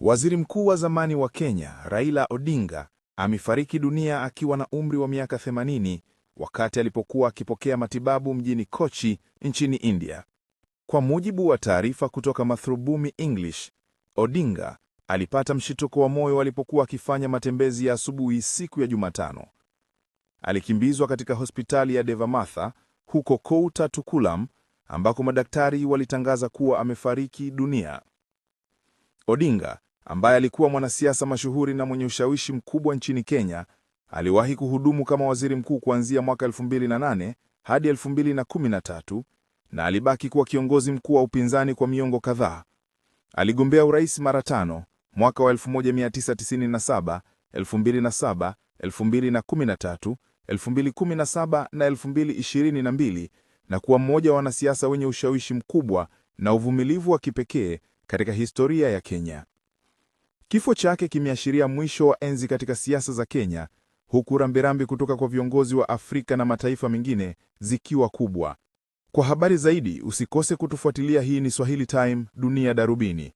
Waziri Mkuu wa zamani wa Kenya, Raila Odinga, amefariki dunia akiwa na umri wa miaka 80 wakati alipokuwa akipokea matibabu mjini Kochi nchini India. Kwa mujibu wa taarifa kutoka mathrubumi English, Odinga alipata mshituko wa moyo alipokuwa akifanya matembezi ya asubuhi siku ya Jumatano. Alikimbizwa katika hospitali ya Devamatha huko Kouta Tukulam ambako madaktari walitangaza kuwa amefariki dunia. Odinga ambaye alikuwa mwanasiasa mashuhuri na mwenye ushawishi mkubwa nchini Kenya, aliwahi kuhudumu kama waziri mkuu kuanzia mwaka 2008 hadi 2013 na alibaki kuwa kiongozi mkuu wa upinzani kwa miongo kadhaa. Aligombea urais mara tano mwaka wa 1997, 2007, 2013, 2017 na 2022 na kuwa mmoja wa wanasiasa wenye ushawishi mkubwa na uvumilivu wa kipekee katika historia ya Kenya. Kifo chake kimeashiria mwisho wa enzi katika siasa za Kenya, huku rambirambi kutoka kwa viongozi wa Afrika na mataifa mengine zikiwa kubwa. Kwa habari zaidi usikose kutufuatilia. Hii ni Swahili Time Dunia Darubini.